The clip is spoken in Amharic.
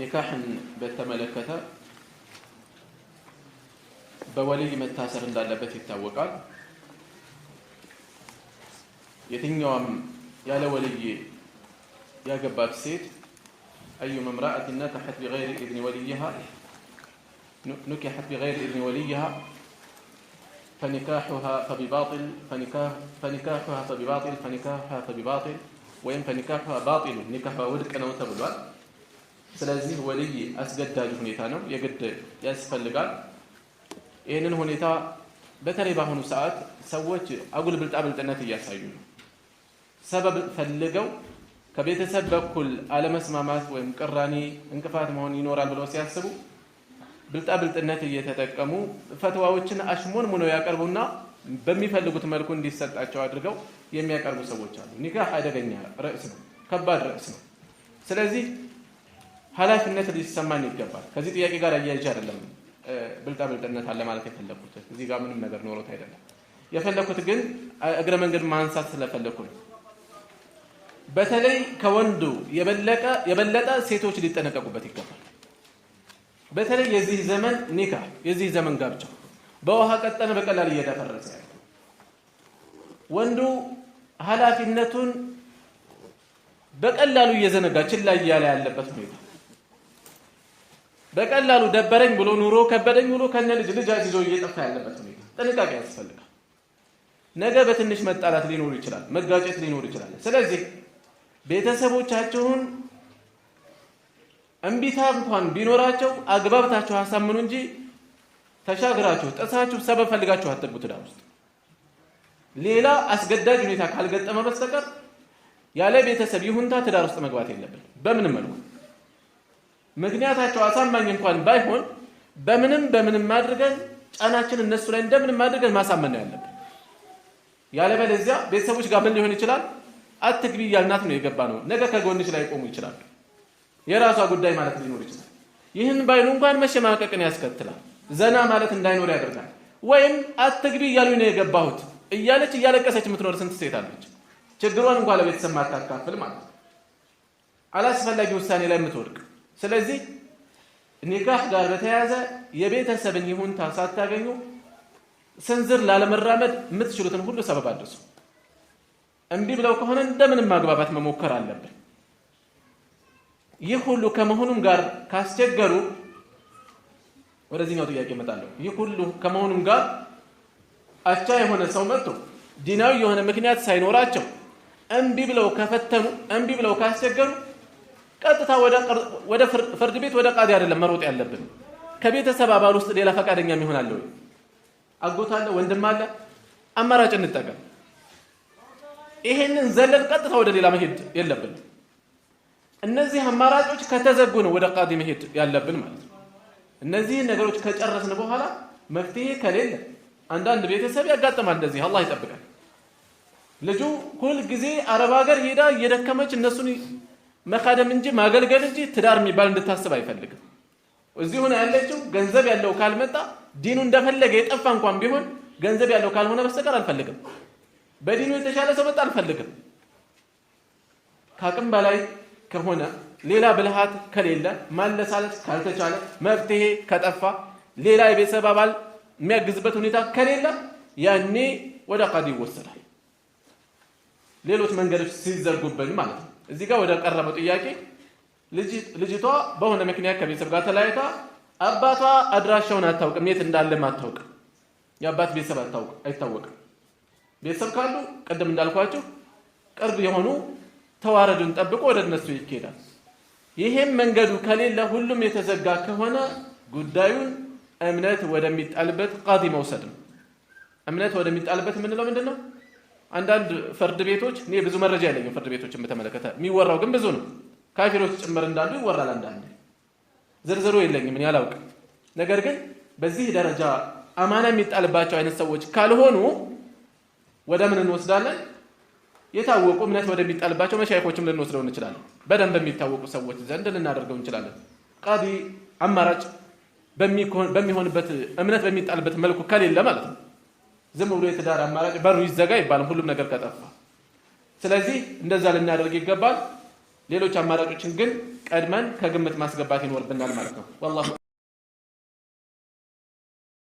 ኒካህን በተመለከተ በወልይ መታሰር እንዳለበት ይታወቃል። يا لولي يا قباب سيد أيما امرأة نكحت بغير إذن وليها نكحت بغير إذن وليها فنكاحها فبباطل فنكاح فنكاحها فبباطل فنكاحها فبباطل وإن فنكاحها باطل نكاح ولد أنا وأنت ስለዚህ ወልይ አስገዳጅ ሁኔታ ነው፣ የግድ ያስፈልጋል። ይህንን ሁኔታ በተለይ በአሁኑ ሰዓት ሰዎች አጉል ብልጣብልጥነት እያሳዩ ነው። ሰበብ ፈልገው ከቤተሰብ በኩል አለመስማማት ወይም ቅራኔ እንቅፋት መሆን ይኖራል ብለው ሲያስቡ ብልጣብልጥነት እየተጠቀሙ ፈትዋዎችን አሽሞንሙነው ያቀርቡና በሚፈልጉት መልኩ እንዲሰጣቸው አድርገው የሚያቀርቡ ሰዎች አሉ። ኒካህ አደገኛ ርዕስ ነው፣ ከባድ ርዕስ ነው። ስለዚህ ኃላፊነት ሊሰማን ይገባል። ከዚህ ጥያቄ ጋር አያይዤ አይደለም ብልጣ ብልጥነት አለ ማለት የፈለኩት እዚህ ጋር ምንም ነገር ኖሮት አይደለም የፈለኩት ግን እግረ መንገድ ማንሳት ስለፈለኩ ነው። በተለይ ከወንዱ የበለጠ ሴቶች ሊጠነቀቁበት ይገባል። በተለይ የዚህ ዘመን ኒካ የዚህ ዘመን ጋብቻ በውሃ ቀጠነ በቀላል እየደፈረሰ ያለ ወንዱ ኃላፊነቱን በቀላሉ እየዘነጋ ችላ እያለ ያለበት ሁኔታ በቀላሉ ደበረኝ ብሎ ኑሮ ከበደኝ ብሎ ከነ ልጅ ልጅ አዝዞ እየጠፋ ያለበት ሁኔታ ጥንቃቄ ያስፈልጋል። ነገ በትንሽ መጣላት ሊኖር ይችላል፣ መጋጨት ሊኖር ይችላል። ስለዚህ ቤተሰቦቻቸውን እምቢታ እንኳን ቢኖራቸው አግባብታችሁ አሳምኑ እንጂ ተሻግራችሁ ጥሳችሁ ሰበብ ፈልጋችሁ አትግቡ ትዳር ውስጥ። ሌላ አስገዳጅ ሁኔታ ካልገጠመ በስተቀር ያለ ቤተሰብ ይሁንታ ትዳር ውስጥ መግባት የለብን በምንም መልኩ። ምክንያታቸው አሳማኝ እንኳን ባይሆን በምንም በምንም አድርገን ጫናችን እነሱ ላይ እንደምንም አድርገን ማሳመን ነው ያለብን። ያለበለዚያ ቤተሰቦች ጋር ምን ሊሆን ይችላል? አትግቢ እያልናት ነው የገባ ነው። ነገ ከጎንሽ ላይ ቆሙ ይችላሉ። የራሷ ጉዳይ ማለት ሊኖር ይችላል። ይህን ባይኑ እንኳን መሸማቀቅን ያስከትላል። ዘና ማለት እንዳይኖር ያደርጋል። ወይም አትግቢ እያሉኝ ነው የገባሁት እያለች እያለቀሰች የምትኖር ስንት ሴት አለች። ችግሯን እንኳን ለቤተሰብ ማታካፍል ማለት ነው። አላስፈላጊ ውሳኔ ላይ የምትወድቅ ስለዚህ ኒካህ ጋር በተያያዘ የቤተሰብን ይሁንታ ሳታገኙ ስንዝር ላለመራመድ የምትችሉትን ሁሉ ሰበብ አድርሱ። እምቢ ብለው ከሆነ እንደምንም ማግባባት መሞከር አለብን። ይህ ሁሉ ከመሆኑም ጋር ካስቸገሩ ወደዚህኛው ጥያቄ እመጣለሁ። ይህ ሁሉ ከመሆኑም ጋር አቻ የሆነ ሰው መጥቶ ዲናዊ የሆነ ምክንያት ሳይኖራቸው እምቢ ብለው ከፈተኑ፣ እምቢ ብለው ካስቸገሩ ቀጥታ ወደ ፍርድ ቤት ወደ ቃዲ አይደለም መሮጥ ያለብን። ከቤተሰብ አባል ውስጥ ሌላ ፈቃደኛ የሚሆን አለ ወይ? አጎት አለ፣ ወንድም አለ። አማራጭ እንጠቀም። ይሄንን ዘለን ቀጥታ ወደ ሌላ መሄድ የለብን። እነዚህ አማራጮች ከተዘጉ ነው ወደ ቃዲ መሄድ ያለብን ማለት ነው። እነዚህን ነገሮች ከጨረስን በኋላ መፍትሄ ከሌለ አንዳንድ ቤተሰብ ያጋጥማል። እንደዚህ አላህ ይጠብቃል። ልጁ ሁል ጊዜ አረብ ሀገር ሄዳ እየደከመች እነሱን መካደም እንጂ ማገልገል እንጂ ትዳር የሚባል እንድታስብ አይፈልግም። እዚህ ሆነ ያለችው ገንዘብ ያለው ካልመጣ ዲኑ እንደፈለገ የጠፋ እንኳን ቢሆን ገንዘብ ያለው ካልሆነ በስተቀር አልፈልግም፣ በዲኑ የተሻለ ሰው መጣ አልፈልግም። ከአቅም በላይ ከሆነ ሌላ ብልሃት ከሌለ ማለሳለስ ካልተቻለ መፍትሄ ከጠፋ ሌላ የቤተሰብ አባል የሚያግዝበት ሁኔታ ከሌለ ያኔ ወደ ቃዲ ይወሰዳል። ሌሎች መንገዶች ሲዘጉብን ማለት ነው። እዚህ ጋር ወደ ቀረበው ጥያቄ ልጅቷ በሆነ ምክንያት ከቤተሰብ ጋር ተለያይታ አባቷ አድራሻውን አታውቅም፣ የት እንዳለም አታውቅም። የአባት ቤተሰብ አይታወቅም። ቤተሰብ ካሉ ቅድም እንዳልኳችሁ ቅርብ የሆኑ ተዋረዱን ጠብቆ ወደ እነሱ ይኬዳል። ይሄም መንገዱ ከሌለ ሁሉም የተዘጋ ከሆነ ጉዳዩን እምነት ወደሚጣልበት ቃዲ መውሰድ ነው። እምነት ወደሚጣልበት የምንለው ምንድን ነው? አንዳንድ ፍርድ ቤቶች እኔ ብዙ መረጃ የለኝም፣ ፍርድ ቤቶችን በተመለከተ የሚወራው ግን ብዙ ነው። ካፊሮች ጭምር እንዳሉ ይወራል። አንዳንድ ዝርዝሩ የለኝም እኔ አላውቅም። ነገር ግን በዚህ ደረጃ አማና የሚጣልባቸው አይነት ሰዎች ካልሆኑ ወደ ምን እንወስዳለን? የታወቁ እምነት ወደሚጣልባቸው መሻይኮችም ልንወስደው እንችላለን። በደንብ የሚታወቁ ሰዎች ዘንድ ልናደርገው እንችላለን። ቃዲ አማራጭ በሚሆንበት እምነት በሚጣልበት መልኩ ከሌለ ማለት ነው። ዝም ብሎ የትዳር አማራጭ በሩ ይዘጋ ይባላል፣ ሁሉም ነገር ከጠፋ። ስለዚህ እንደዛ ልናደርግ ይገባል። ሌሎች አማራጮችን ግን ቀድመን ከግምት ማስገባት ይኖርብናል ማለት ነው።